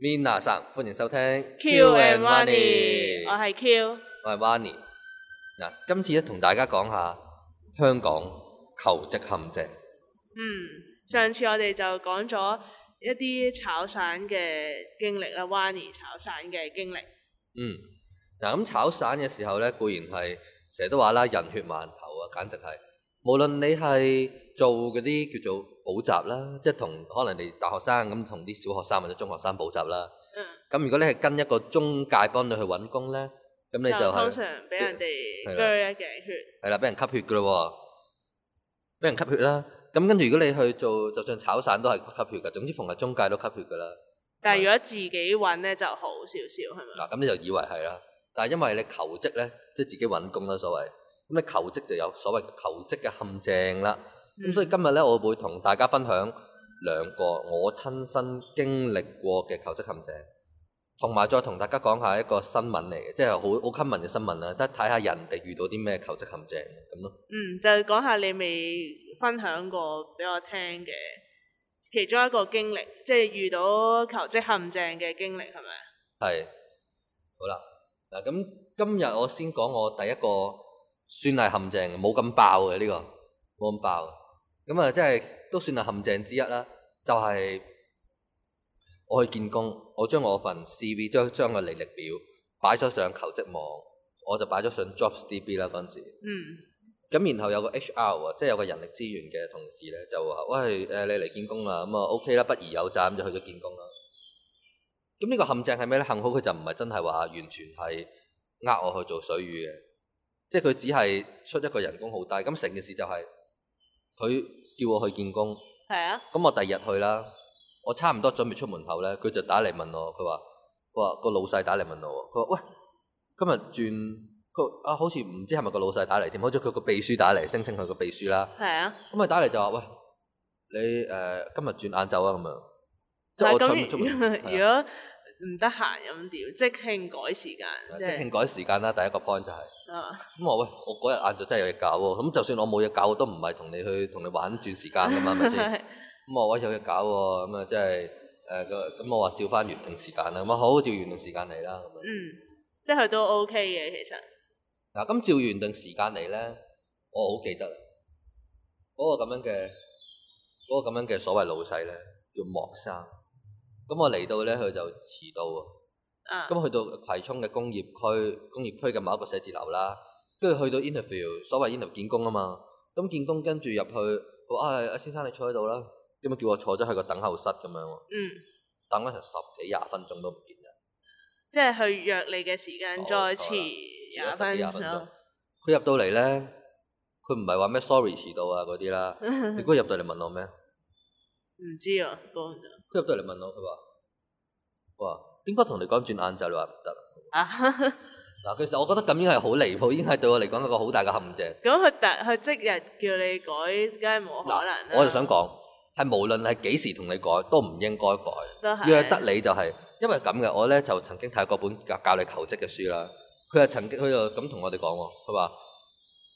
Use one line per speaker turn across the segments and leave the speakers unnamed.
Mina san 歡迎收聽。Q, Q and Winnie 我係是 Q，我係 Winnie 嗱，今次咧同大家講下香港求職陷阱。
嗯，上次我哋就講咗一啲炒散嘅經歷啦 Winnie 炒散嘅經歷。
經歷，嗯，嗱、嗯、咁、嗯嗯、炒散嘅時候咧，固然係成日都話啦，人血饅頭啊，簡直係，無論你係做嗰啲叫做。補習啦，即係同可能你大學生咁同啲小學生或者中學生補習啦。嗯。咁如果你係跟一個中介幫你去揾工咧，咁你、就是、就通常
俾人哋鋸一頸血。
係啦，俾人吸血噶咯喎，俾人吸血啦。咁跟住如果你去做，就算炒散都係吸血噶。總之，逢係中介都吸血噶啦。
但係吧如果自己揾咧就好少少，係
咪嗱？咁、啊嗯、你就以為係啦，但係因為你求職咧，即係自己揾工啦，所謂咁你求職就有所謂求職嘅陷阱啦。嗯。咁、嗯、所以今日咧，我會同大家分享兩個我親身經歷過嘅求職陷阱，同埋再同大家講下一個新聞嚟嘅，即係好好 common 嘅新聞啦。即係睇下人哋遇到啲咩求職陷阱咁
咯。嗯，就係講下你未分享過俾我聽嘅其中一個經歷，即係遇到求職陷阱嘅經歷係咪啊？
係。好啦，嗱咁今日我先講我第一個算係陷阱冇咁爆嘅呢、呢個冇咁爆。咁啊，即係都算係陷阱之一啦。就係、是、我去見工，我將我份 C V 將將個履歷表擺咗上求職網，我就擺咗上 JobsDB 啦。嗰陣時，嗯，咁然後有個 H R 啊，即係有個人力資源嘅同事咧，就話：喂，誒你嚟見工啦。咁啊，O K 啦，不疑有詐，咁就去咗見工啦。咁呢個陷阱係咩咧？幸好佢就唔係真係話完全係呃我去做水魚嘅，即係佢只係出一個人工好低。咁成件事就係佢。叫我去見工，
係啊，
咁我第二日去啦。我差唔多準備出門口咧，佢就打嚟問我，佢話：佢話個老細打嚟問我，佢話喂，今日轉佢啊，好似唔知係咪個老細打嚟添，好似佢個秘書打嚟，聲稱佢個秘書啦。係啊，咁佢、嗯、打嚟就話：喂，你誒、呃、今日轉晏晝啊咁樣，
即係我準備出門。如果唔得閒噉調，即興改時間。即，即興
改時間啦，第一個 point 就係、是。咁我話喂，我嗰日晏晝真係有嘢搞喎。咁就算我冇嘢搞，都唔係同你去同你玩轉時間㗎嘛？咪先、 就是。咁我話喂有嘢搞喎，咁啊即係誒咁我話照翻原定時間啦。咁啊好，好照原定時間嚟啦。咁
嗯，即係佢都 OK 嘅其實。
嗱，咁照原定時間嚟咧，我好記得嗰、那個咁樣嘅嗰、那個咁樣嘅所謂老細咧，叫莫生。咁我嚟到咧，佢就遲到啊。
咁、嗯、去
到葵涌嘅工業區，工業區嘅某一個寫字樓啦，跟住去到 interview，所謂 interview 見工啊嘛。咁見工跟住入去，話啊，阿、哎、先生你坐喺度啦，咁樣叫我坐咗喺個等候室咁樣。嗯。等咗成十幾廿分鐘都唔見人。
即係去約你嘅時間再遲廿、哦、分鐘。
佢後入到嚟咧，佢唔係話咩 sorry 遲到啊嗰啲啦。 你估入到嚟問我咩？
唔 知啊，
佢入到嚟問我，佢話：哇應該同你講轉晏晝，你話唔得。嗱，其實我覺得咁樣係好離譜，已經係對我嚟講一個好大嘅陷阱。
咁佢特佢即日叫你改，梗係冇可能。我就
想講，係無論係幾時同你改，都唔應該改。
都係是。要係得你
就係、是，因為咁嘅，我咧就曾經睇過本教教你求職嘅書啦。佢係曾經，佢就咁同我哋講喎。佢話：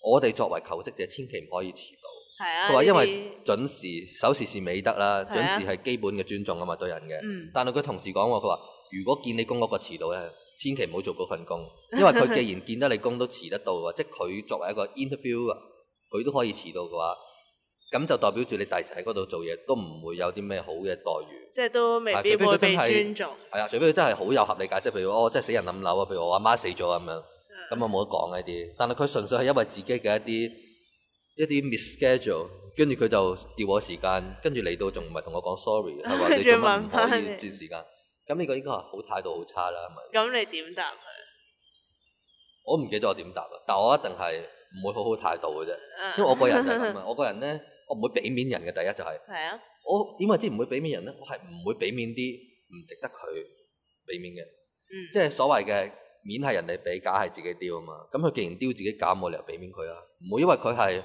我哋作為求職者，千祈唔可以遲到。
佢話：因為
準時守時是美德啦，準時係基本嘅尊重啊嘛，對人嘅。嗯、但係佢同時講喎，佢話：如果見你工嗰個遲到咧，千祈唔好做嗰份工，因為佢既然見得你工都遲得到嘅話， 即係佢作為一個 interview，佢都可以遲到嘅話，咁就代表住你第時喺嗰度做嘢都唔會有啲咩好嘅待遇。
即係都未必會被尊重。
係啊重，除非佢真係好有合理解釋，譬如我即係死人冧樓啊，譬如我阿媽，媽死咗咁樣，咁啊冇得講呢啲。但係佢純粹係因為自己嘅一啲。一啲 misschedule，跟住佢就調我時間，跟住嚟到仲唔係同我講 sorry，係話你做乜唔可以轉時間？咁呢 個應該係好態度好差啦。
咁你點答佢？
我唔記得我點答啦，但我一定係唔會好好態度嘅啫。因為我個人就係咁啊， 我個人咧，我唔會俾面人嘅。第一就係、係， 我點解即係唔會俾面人咧？我係唔會俾面啲唔值得佢俾面嘅。嗯、即係所謂嘅面係人哋俾，假係自己丟啊嘛。咁佢既然丟自己丟假，我哋又俾面佢啊，唔會因為佢係。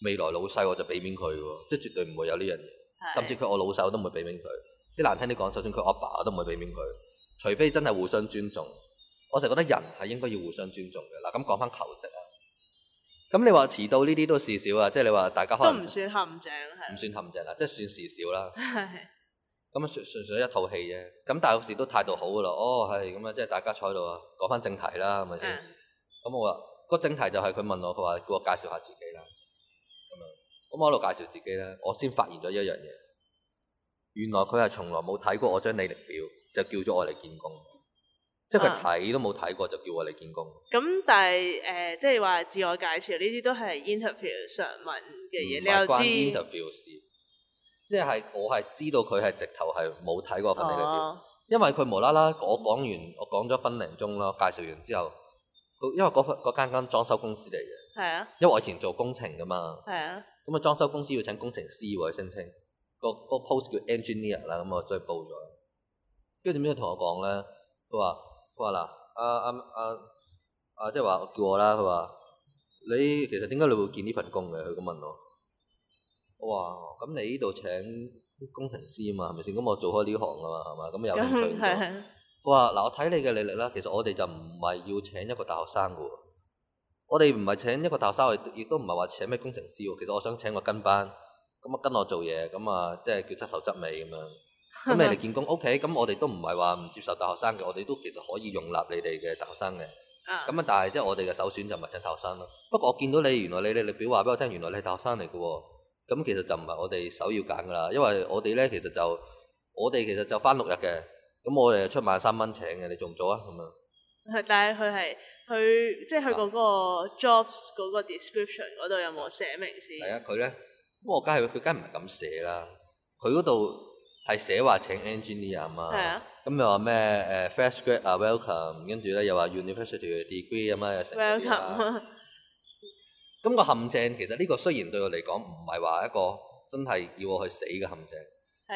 未來老細我就俾面佢喎，即係絕對唔會有呢樣嘢，是甚至佢我老手都唔會俾面佢。即係難聽啲講，就算佢阿爸都唔會俾面佢，除非真係互相尊重。我成日覺得人係應該要互相尊重嘅嗱。咁講翻求職啊，咁你話遲到呢啲都事少啊，即係你話大家可能都唔算
陷阱唔算
陷阱啦，即係算事少啦。咁啊的，純粹一套戲啫。咁大學時都態度好噶咯。哦，係咁啊，即係大家坐喺度啊，講翻正題啦，係咪先？咁我話個正題就係佢問我，佢話叫我介紹下自己。咁我喺度介紹自己咧，我先發現咗一樣嘢，原來佢係從來冇睇過我張履歷表，就叫咗我嚟見工，即係佢睇都冇睇過就叫我嚟見工。
咁、啊、但係誒，即係話自我介紹呢啲都係 interview 常問嘅嘢，s, 你又知？唔係關 interview 事，
即係我係知道佢係直頭係冇睇過份履歷表，哦、因為佢無啦啦我講完，我講咗分零鐘咯，介紹完之後，因為嗰份嗰間間,間裝修公司嚟嘅，係啊，因為我以前做工程㗎嘛，係啊。哈哈咁啊，裝修公司要請工程師喎，申請、個個 post 叫 engineer 啦、啊，咁我再報咗。跟住點樣同我講咧，佢話佢話嗱，阿阿阿阿即係話叫我啦，佢話你其實點解你會見呢份工嘅？佢咁問我。我話，咁你呢度請工程師啊嘛，係咪先？咁我做開呢行啊嘛，係嘛？咁有興趣。佢話嗱，我睇你嘅履歷啦，其實我哋就唔係要請一個大學生噶。我哋唔係請一個大學生，亦都唔係話請咩工程師喎。其實我想請個跟班，咁啊跟我做嘢，咁啊即係叫執頭執尾咁樣，咁你嚟見工？O K，咁我哋都唔係話唔接受大學生嘅，我哋都其實可以容納你哋嘅大學生嘅。啊， 咁啊，但係即係我哋嘅首選就唔係請大學生咯。不過我見到你原來你你表話俾我聽，原來你係大學生嚟嘅喎。咁其實就唔係我哋首要揀噶啦，因為我哋咧其實就我哋其實就翻六日嘅，咁我哋出萬三蚊請嘅，你做唔做啊？咁樣？
係、啊，但係佢係佢即係佢嗰個 jobs 嗰個 description 嗰度有冇寫明先？係啊，
佢咧，不過梗佢佢梗唔係咁寫啦。佢嗰度係寫話請 engineer 啊，嘛、嗯，咁又話咩誒、呃、fresh grad 啊 welcome，跟住咧又話 university degree 咁啊，welcome 啊。咁個,、啊 Welcome 嗯嗰個陷阱其實呢個雖然對我嚟講唔係話一個真係要我去死嘅陷阱，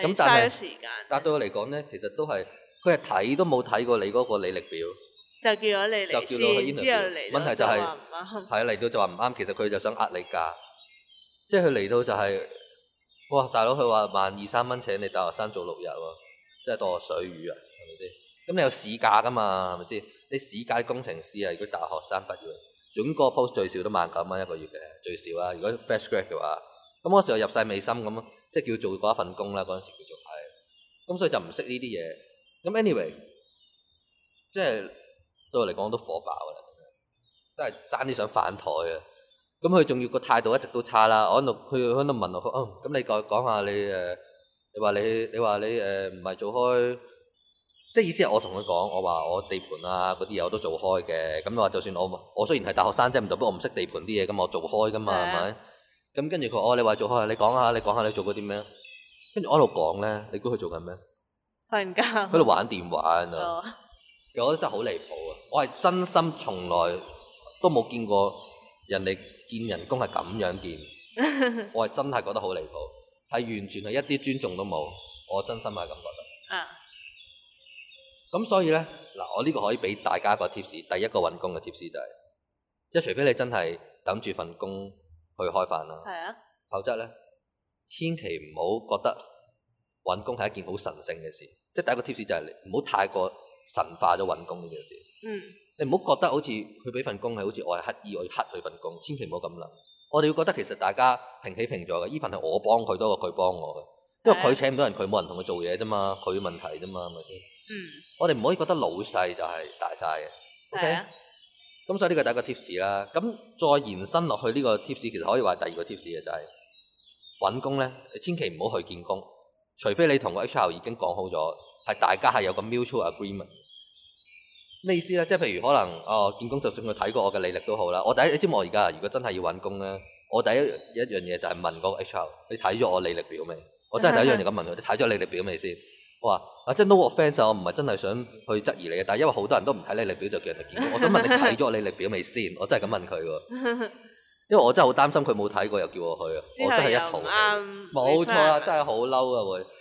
咁是、嗯、但係但
係對我嚟講咧，其實都係佢係睇都冇睇過你嗰個履歷表。
就叫咗你嚟先，就叫到佢 interview，之後嚟咗就話唔啱。
係啊，嚟到就話唔啱，其實佢就想壓你價，即係佢嚟到就係、是、哇，大佬佢話萬二三蚊請你大學生做六日喎，即係當水魚啊，係咪先？咁你有市價噶嘛，係咪先？你市價工程師啊，如果大學生畢業啊，整個 post 最少都萬九蚊一個月嘅最少啦、啊。如果 fresh grad 嘅話，咁嗰時候我入晒美心咁，即係叫做嗰一份工啦。嗰陣時叫做係，咁所以就唔識呢啲嘢。咁 anyway，即係。都嚟講都火爆㗎啦，真係爭啲想反台呀。咁佢仲要個態度一直都差啦。我喺度，佢喺度問我：，佢嗯，咁、哦、你講講下你誒、呃，你話你你話你誒唔係做開？即係意思係我同佢講，我話我地盤啊嗰啲嘢我都做開嘅。咁你話就算我我雖然係大學生啫，唔到，不過我唔識地盤啲嘢，咁我做開㗎嘛，係咪對？咁跟住佢，哦，你話做開，你講下你講下你做過啲咩？跟住我喺度講咧，你估佢做緊咩？
瞓覺。佢喺度
玩電話，對其實我覺得真係好離譜啊！我係真心，從來都冇見過人哋見人工係咁樣見，我係真係覺得好離譜，係完全係一啲尊重都冇，我真心係咁覺得。啊！咁所以呢，嗱，我呢個可以俾大家一個貼士，第一個揾工嘅貼士就係，即係除非你真係等住份工去開飯啦，係啊，否則呢，千祈唔好覺得揾工係一件好神聖嘅事，即係第一個貼士就係你唔好太過。神化咗揾工呢件事，嗯，你唔好覺得好似佢俾份工係好似我係乞衣，我要乞佢份工，千祈唔好咁諗。我哋會覺得其實大家平起平坐嘅，依份係我幫佢多過佢幫我嘅，
因為佢請
唔到人，佢冇人同佢做嘢啫嘛，佢問題啫嘛，係咪先？嗯，我哋唔可以覺得老細就係大晒嘅，OK？咁所以呢個第一個 tips 啦，咁再延伸落去呢個 tips 其實可以話第二個 tips 嘅就係揾工咧，你千祈唔好去見工，除非你同個 HR 已經講好咗。係大家係有個 mutual agreement，咩意思咧？即係譬如可能，哦，見工就算佢睇過我嘅履歷都好啦。我第一，你知唔知我而家如果真係要揾工咧，我第一一樣嘢就係問嗰個 HR：你睇咗我履歷表未？我真係第一樣嘢咁問佢：你睇咗履歷表未先？我話啊，即係 no offence，我唔係真係想去質疑你嘅，但係因為好多人都唔睇履歷表就叫人哋見工，我想問你睇咗履歷表未先？我真係咁問佢喎，因為我真係好擔心佢冇睇過又叫我去啊！是我真係一毫
冇、嗯、錯啦看，
真係好嬲啊會。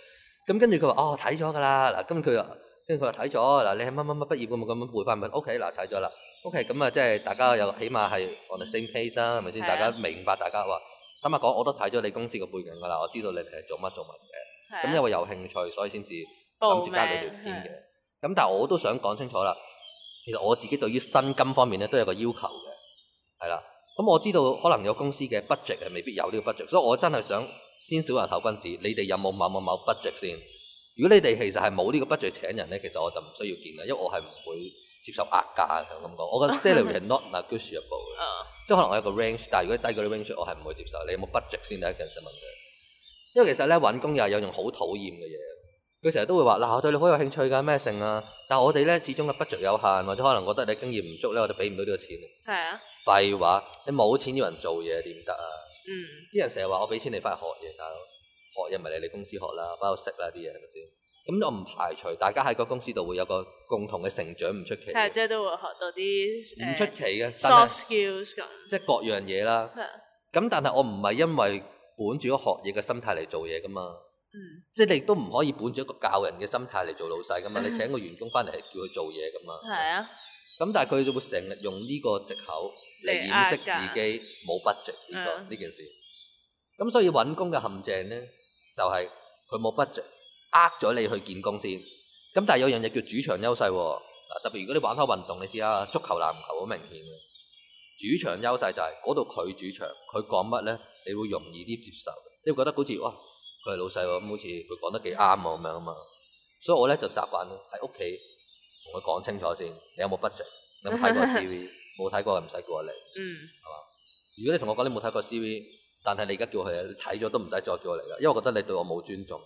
咁跟住佢話：哦，睇咗噶啦！嗱，今佢又跟住佢話睇咗。嗱，你係乜乜乜畢業嘅？咁樣配翻咪？OK，嗱，睇咗啦。OK，咁、OK, 嗯、啊，即係大家又起碼係 on the same page 啦，係咪先？大家明白？大家話，啱啱講我都睇咗你公司嘅背景噶啦，我知道你哋係做乜做乜嘅。咁、啊、因為有興趣，所以先至
咁先加你聊天嘅。咁、
啊啊、但係我都想講清楚啦。其實我自己對於薪金方面咧都有個要求嘅，係啦、啊。咁我知道可能有公司嘅 budget 係未必有呢個 budget，所以我真係想。先小人後君子，你哋有冇某某某 budget 先？如果你哋其實係冇呢個 budget 請人咧，其實我就唔需要見啦，因為我係唔會接受壓價咁講。我個 salary 係 not negotiable 嘅， 即係可能我有個 range，但係如果低過啲 range，我係唔會接受。你有冇 budget 先，第一件事問佢？因為其實咧搵工又係一種好討厭嘅嘢，佢成日都會話嗱，我對你好有興趣噶咩性啊，但係我哋咧始終嘅 budget 有限，或者可能覺得你經驗唔足咧，我就俾唔到呢個錢。
係啊，
廢話，你冇錢要人做嘢點得啊？嗯，啲人成日話我俾錢你翻去學嘢，大佬學嘢唔係嚟你公司學啦，包括識啦啲嘢先。咁我唔排除大家喺個公司度會有個共同嘅成長，唔出奇。係，
即係都會學到啲。唔出奇嘅但 o 即
係各樣嘢啦。係咁但係我唔係因為本住咗學嘢嘅心態嚟做嘢噶嘛。
嗯。
即係你都唔可以本住一個教人嘅心態嚟做老細噶嘛。你請個員工翻嚟係叫佢做嘢噶嘛。係啊。咁但係佢就會成日用呢個藉口嚟掩飾自己冇 budget 呢個呢、嗯、件事。咁所以揾工嘅陷阱咧，就係佢冇 budget 呃咗你去見工先。咁但係有樣嘢叫主場優勢喎。嗱，特別如果你玩開運動，你知啦，足球、籃球好明顯嘅。主場優勢就係嗰度佢主場，佢講乜咧，你會容易啲接受，你會覺得好似哇，佢係老細喎、哦，咁好似佢講得幾啱喎咁樣啊嘛。所以我咧就習慣喺屋企。我講清楚先，你有冇 budget？你有冇睇過 CV？冇睇過嘅唔使叫我嚟，
係嘛、嗯？
如果你同我講你冇睇過 CV，但係你而家叫佢，去，你睇咗都唔使再叫我嚟啦，因為我覺得你對我冇尊重，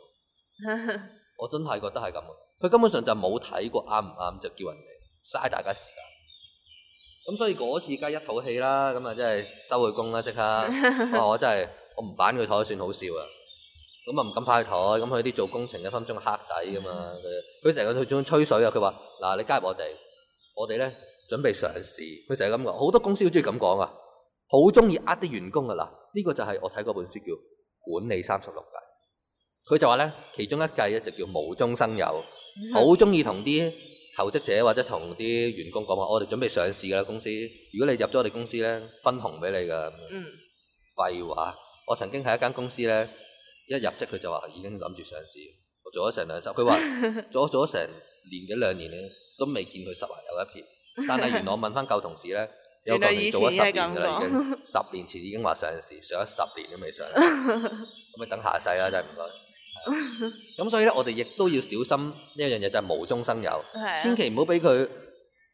我真係覺得係咁嘅。佢根本上就冇睇過啱唔啱就叫人嚟，嘥大家時間。咁所以嗰次加一套戲啦，咁 啊即係收佢工啦，即刻。我真係我唔反佢台算好笑啊！咁啊，唔敢派台，咁佢啲做工程一分鐘黑底噶嘛，佢成日去中意吹水啊！佢話：嗱，你加入我哋，我哋咧準備上市，佢成日咁講，好多公司都中意咁講啊，好中意呃啲員工噶啦。呢個就係我睇嗰本書叫《管理三十六計》，佢就話咧其中一計咧就叫無中生有，好中意同啲求職者或者同啲員工講話：我哋準備上市噶啦公司，如果你入咗我哋公司咧，分紅俾你噶。嗯，廢話，我曾經喺一間公司咧。一入職佢就話已經諗住上市，我做咗成兩十佢話做咗成年幾 兩年咧，都未見佢十環有一撇。
但係原來我
問翻舊同事咧， 有個做咗十年噶啦， 已經十年前已經話上市，上咗十年都未上，咁你 等下世啦真係唔該。咁所以咧，我哋亦都要小心呢樣嘢，就係無中生有， 千祈唔好俾佢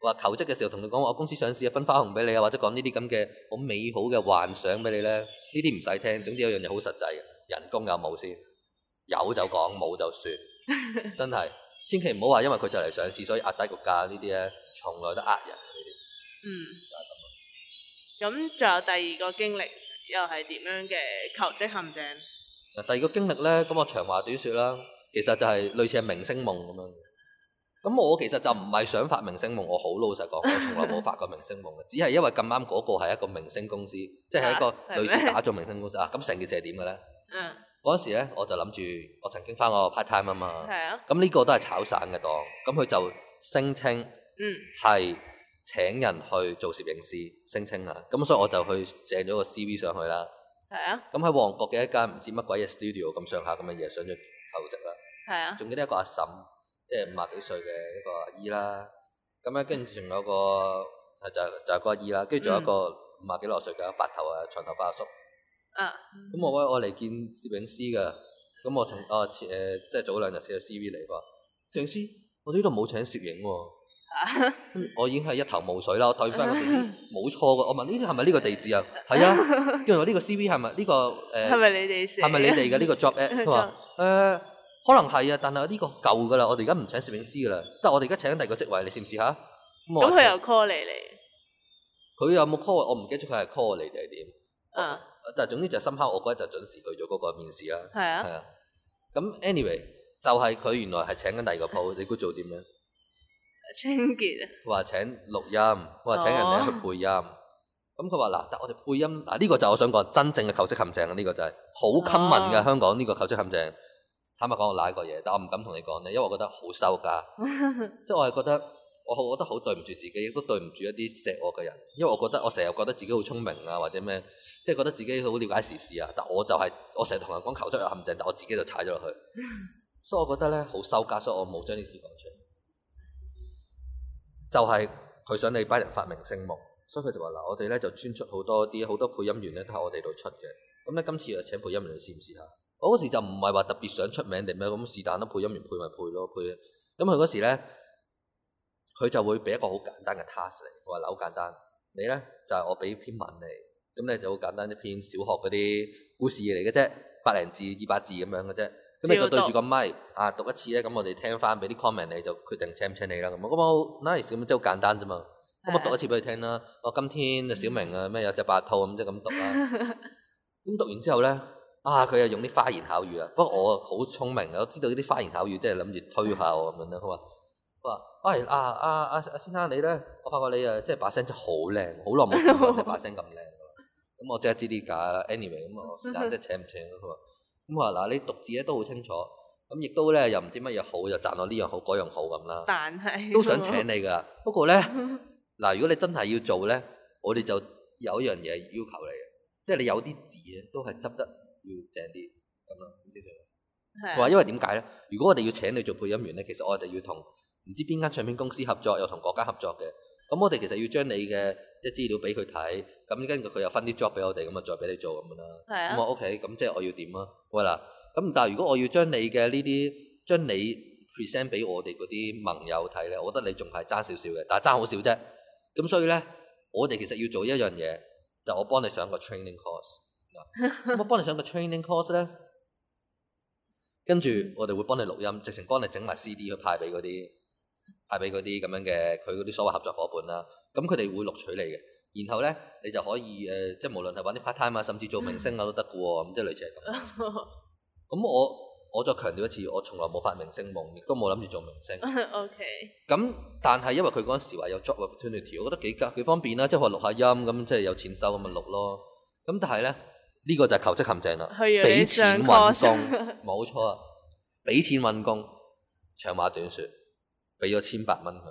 話求職嘅時候同你講我公司上市啊，分花紅俾你啊，或者講呢啲咁嘅好美好嘅幻想俾你咧，呢啲唔使聽。總之有樣嘢好實際嘅。人工有冇先？有就講，冇就算。真係，千祈唔好話，因為佢就嚟上市，所以壓低個價呢啲咧，從來都呃人呢啲。
嗯。就係咁嘞。咁仲、嗯、有第二個經歷，又係點樣嘅求職陷阱？
第二個經歷咧，咁我長話短說啦，其實就係類似係明星夢咁樣嘅。咁我其實就唔係想發明星夢，我好老實講，我從來冇發過明星夢嘅， 只係因為咁啱嗰個係一個明星公司，即係一個類似打造明星公司啊。咁成、啊、件事係點嘅咧？嗯，嗰陣時咧，我就諗住我曾經翻我 part time 啊嘛，咁呢、啊、個都係炒散嘅檔，咁佢就聲稱，嗯，係請人去做攝影師聲稱啊，咁所以我就去借咗個 C V 上去啦，係啊，咁喺旺角嘅一間唔知乜鬼嘢 studio 咁上下咁嘅嘢上咗求職啦，係啊，仲記得一個阿嬸，即係五十幾歲嘅一,一個阿姨啦，咁咧跟住仲有個就就就係個阿姨啦，跟住仲有一個五十幾六歲嘅白頭啊長頭髮阿叔。啊！咁我我嚟見攝影師嘅，咁我請啊，誒、呃，即係早兩日寫個 C V 嚟嘅。攝影師，我呢度冇請攝影喎、啊。 我已經係一頭霧水啦，我退翻個地址，冇錯嘅。我問呢啲係咪呢個地址啊？係啊。因為我呢個 C V 係咪呢個誒？係、呃、咪你哋、啊？係咪你哋嘅呢個 job？佢話誒，可能係啊，但係呢個舊噶啦，我哋而家唔請攝影師噶啦，得我哋而家請緊第二個職位，你試唔試吓？咁佢、嗯、說又 call 你嚟。佢有冇 call？我唔記得佢係 call 嚟定係點。嗯。但係總之就深刻，我覺得就準時去咗嗰個面試啦。係啊，係啊。咁 anyway 就係佢原來係請緊第二個鋪， 你估做點樣？
清潔啊！佢
話請錄音，佢話請人哋去配音。咁佢話嗱，但我哋配音嗱呢、呢個就我想講真正嘅求職陷阱啊！呢個就係好 common 嘅香港呢個求職陷阱。這個陷阱哦、坦白講，我懶個嘢，但我唔敢同你講咧，因為我覺得好羞家，即係 我係覺得。我我覺得好對唔住自己，亦都對唔住一啲錫我嘅人，因為我覺得我成日覺得自己好聰明啊，或者咩，即係覺得自己好了解時事啊。但我就係，我成日同人講求職有陷阱，但我自己就踩咗落去。所以，我覺得咧好羞家，所以我冇將啲事講出嚟。就係，佢想你班人發明星夢，所以佢就話嗱，呃，我哋咧就專出好多啲好多配音員咧，都係我哋度出嘅。咁咧，今次又請配音員試唔試下？我嗰時就唔係話特別想出名定咩咁，是但啦，配音員配咪配咯，配。咁佢嗰時咧。佢就會俾一個好簡單嘅 task 嚟，佢話好簡單。你咧就係、是、我俾篇文你，咁咧就好簡單一篇小學嗰啲故事嚟嘅啫，百零字二百字咁樣嘅啫。咁你就對住個咪，讀啊讀一次咧，咁我哋聽翻俾啲 comment 你，就決定請唔請你啦。咁我冇 nice，咁即係好簡單啫嘛。
咁我讀一次
俾佢聽啦。我、啊、今天小明啊咩有隻白兔咁即係咁讀啊。咁、嗯嗯 嗯、讀完之後咧啊，佢又用啲花言巧語啦。不過我好聰明嘅，我知道啲花言巧語即係諗住推下我咁樣啦。佢話。 喂，哎啊啊啊啊先生你咧，我發覺你誒即係把聲真係好靚，好耐冇聽把聲咁靚啦。咁我即係知啲假啦。anyway，咁我時間即係請唔請啦？
佢話，
咁我話嗱，你讀字咧都好清楚，咁亦都咧又唔知乜嘢好，又讚我呢樣好嗰樣好咁啦。
但係都想請你
㗎，不過咧嗱，如果你真係要做咧，我哋就有一樣嘢要求你嘅，即係你有啲字咧都係執得要正啲咁咯，清楚嗎？係的。話因為點解咧？如果我哋要請你做配音員咧，其實我哋要同唔知邊間唱片公司合作，又同嗰間合作嘅，咁我哋其實要將你嘅即係資料俾佢睇，咁跟住佢又分啲 job 俾我哋，咁啊再俾你做咁啦。係啊。咁啊、嗯、OK，咁即係我要點啊？喂、well, 嗱，咁但係如果我要將你嘅呢啲，將你 present 俾我哋嗰啲盟友睇咧，我覺得你仲係爭少少嘅，但係爭好少啫。咁所以咧，我哋其實要做一樣嘢，就我幫你上個 training course。咁我幫你上個 training course 咧， 跟住我哋會幫你錄音，直情幫你整埋 CD 去派俾嗰啲。派俾嗰啲咁樣嘅佢嗰啲所謂合作伙伴啦，咁佢哋會錄取你嘅，然後咧你就可以誒、呃，即係無論係揾啲 part time 啊，甚至做明星啊，都得嘅喎，咁即係類似係
咁。
咁 我我再強調一次，我從來冇發明星夢，亦都冇諗住做明星。
O Okay . K。
咁但係因為佢嗰陣時話有 job opportunity，我覺得幾夾幾方便啦，即係我錄下音咁，即係有錢收咁咪錄咯。咁但係咧呢、呢個就係求職陷阱啦，俾 錢揾工，冇 錯啊，俾錢揾工。長話短説。俾咗千百蚊佢，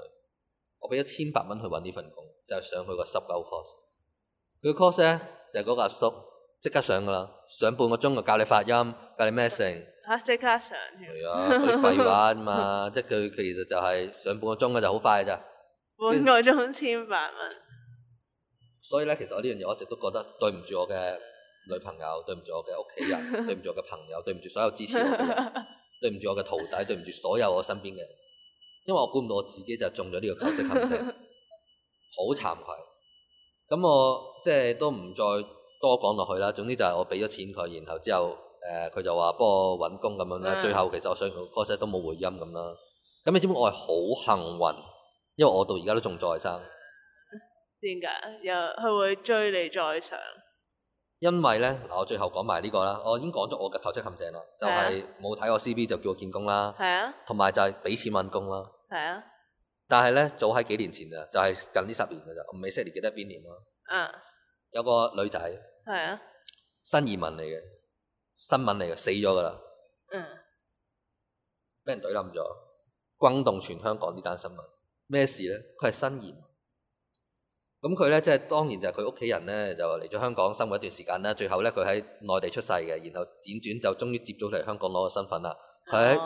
我俾咗千百蚊去揾呢份工，就係、是、上佢個十九 course。佢 course 咧就係嗰個阿叔，即刻上噶啦，上半個鐘就教你發音，教你咩性。
嚇、啊，即刻上。係啊，佢廢話
嘛， 即係佢其實就係、是、上半個鐘嘅就好快咋。
半個鐘實千百蚊。
所以咧，其實我呢樣嘢我一直都覺得對唔住我嘅女朋友，對唔住我嘅屋企人， 對唔住我嘅朋友，對唔住所有支持我嘅人， 對唔住我嘅徒弟，對唔住所有我身邊嘅人。因為我估唔到我自己就中咗呢個求職陷阱，好 慚愧。咁我即係、就是、都唔再多講落去啦。總之就係我俾咗錢佢，然後之後誒佢、呃、就話幫我揾工咁樣啦。嗯、最後其實我上個 course 都冇回音咁啦。咁你知唔知我係好幸運，因為我到而家都仲在生。
點解？又佢會追你再上？
因為咧，嗱我最後講埋呢個啦，我已經講咗我嘅求職陷阱啦，就係冇睇我 CV 就叫我見工啦，
係啊，
同埋就係俾錢揾工啦，係啊，但係咧早喺幾年前啊，就係、是、近呢十年噶咋，唔知你記得邊年咯，嗯，有個女仔，係啊新、新移民嚟嘅、新聞嚟嘅，死咗噶啦，嗯，俾人懟冧咗，轟動全香港呢單新聞，咩事咧？佢係新移民。咁佢咧，即係當然就係佢屋企人咧，就嚟咗香港生活一段時間啦。最後咧，佢喺內地出世嘅，然後輾轉就終於接咗嚟香港攞個身份啦。佢喺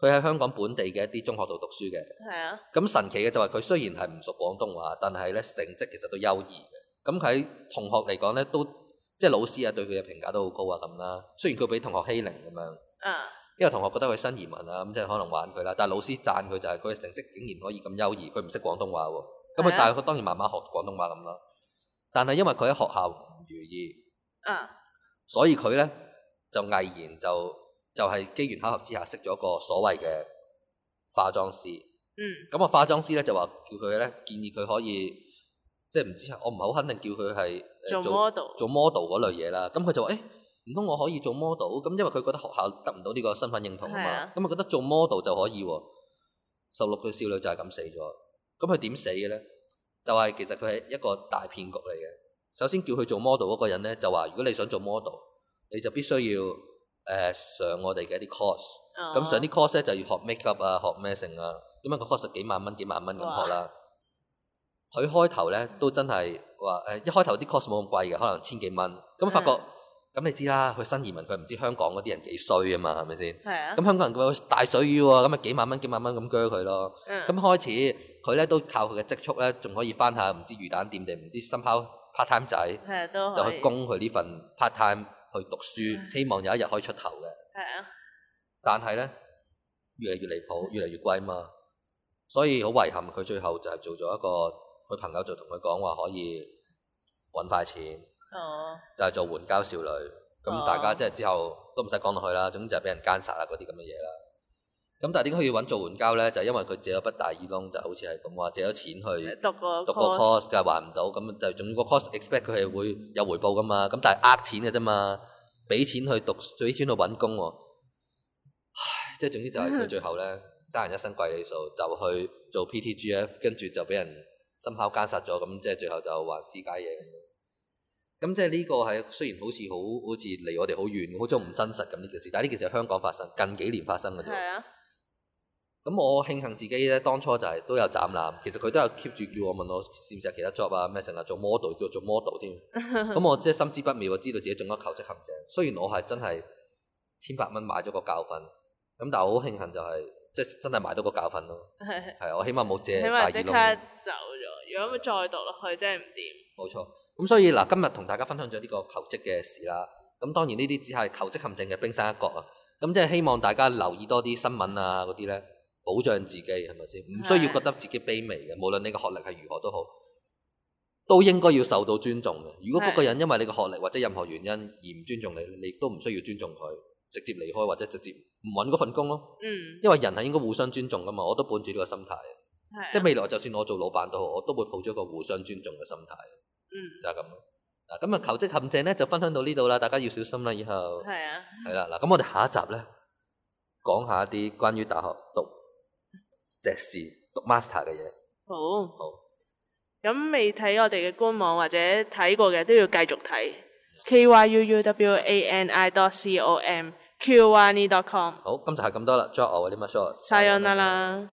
佢喺香港本地嘅一啲中學度讀書嘅。係啊、嗯。咁神奇嘅就係佢雖然係唔熟廣東話，但係咧成績其實都優異嘅。咁佢同學嚟講咧，都即係老師啊對佢嘅評價都好高啊咁啦。雖然佢俾同學欺凌咁樣，因為同學覺得佢新移民啦，咁即係可能玩佢啦。但係老師讚佢就係佢嘅成績竟然可以咁優異，佢唔識廣東話喎。咁佢大學，佢當然慢慢學廣東話咁咯。但係因為佢喺學校唔如意，嗯、啊，所以佢咧就毅然就就係、是、機緣巧合之下識咗個所謂嘅化妝師，
嗯。
咁個化妝師咧就話叫佢咧，建議佢可以即係，唔知係，我唔係好肯定，叫佢係做 model 做 model 嗰類嘢啦。咁佢就話：誒唔通我可以做 model？咁因為佢覺得學校得唔到呢個身份認同啊嘛。咁啊覺得做 model 就可以喎。十六歲少女就係咁死咗。咁佢點死嘅咧？就係其實佢係一個大騙局嚟嘅。首先叫佢做 model 嗰個人咧，就話如果你想做 model，你就必須要誒、呃、上我哋嘅一啲 course。咁、哦、上啲 course 咧就要學 makeup 啊，學咩性啊？因為個 course 係幾萬蚊、幾萬蚊咁學啦。佢哇開頭咧都真係話誒，一開頭啲 course 冇咁貴嘅，可能千幾蚊。咁發覺咁你知啦，佢新移民，佢唔知香港嗰啲人幾衰啊嘛，係咪先？係啊、嗯。咁香港人佢大水魚喎，咁咪幾萬蚊、幾萬蚊咁鋸佢咯。嗯。咁開始。佢咧都靠佢嘅積蓄咧，仲可以翻下唔知魚蛋店定唔知深宵 part time 仔，
就去供
佢呢份 part time 去讀書，嗯、希望有一日可以出頭嘅。係啊、嗯，但係咧越嚟越離譜，越嚟越貴啊嘛，所以好遺憾佢最後就係做咗一個，佢朋友就同佢講話可以揾快錢，
哦、
就係做援交少女。咁、哦、大家即係之後都唔使講落去啦，總之就係俾人奸殺啊嗰啲咁嘅嘢啦。咁但係點解可以揾做援交咧？就係、因為佢借咗筆大耳窿，就好似係咁話借咗錢去讀
個讀 course
就還唔到，咁就仲要個 course expect 佢係會有回報噶嘛？咁但係呃錢嘅啫嘛，俾錢去讀，俾錢去揾工喎。唉，即係總之就係佢最後咧，爭 人一身貴利數，就去做 PTGF，跟住就俾人深烤奸殺咗。咁即係最後就還私家嘢，咁即係呢個係雖然好似好好似離我哋好遠，好似唔真實咁呢件事。但係呢件事係香港發生，近幾年發生嘅啫。係啊。咁我慶幸自己咧，當初就係都有斬纜。其實佢都有 keep 住叫我問我，試唔試其他 job 啊？咩成日做 model，叫做 我做 model 添。咁我即係心知不妙，我知道自己中咗求職陷阱。雖然我係真係千八蚊買咗個教訓，咁但係我好慶幸就係即係真係買到個教訓咯。係係的，的我希望冇借第二碌。即刻
的走咗，如果佢再讀落去，真係唔掂。冇錯，
咁所以嗱，今日同大家分享咗呢個求職嘅事啦。咁當然呢啲只係求職陷阱嘅冰山一角啊。咁即係希望大家留意多啲新聞啊嗰啲咧。保障自己係咪先？唔需要覺得自己卑微嘅，是的 無論你嘅學歷係如何都好，都應該要受到尊重嘅。如果嗰個人因為你嘅學歷或者任何原因而唔尊重你，你都唔需要尊重佢，直接離開或者直接唔搵嗰份工咯。嗯。因為人係應該互相尊重噶嘛，我都本住呢個心態。是的 即係未來，就算我做老闆都好，我都會抱著一個互相尊重嘅心態。嗯就。就係咁嗱，咁啊，求職陷阱咧就分享到呢度啦，大家要小心啦，以後。係啊是的 的。係啦，嗱，咁我哋下一集咧講下一啲關於大學讀。碩士讀 master 嘅嘢
好好咁未睇我哋嘅官網或者睇過嘅都要繼續睇 kyuuwani dot com 好今集就係咁多啦 join 我啲乜 shorts Sayonara 啦啦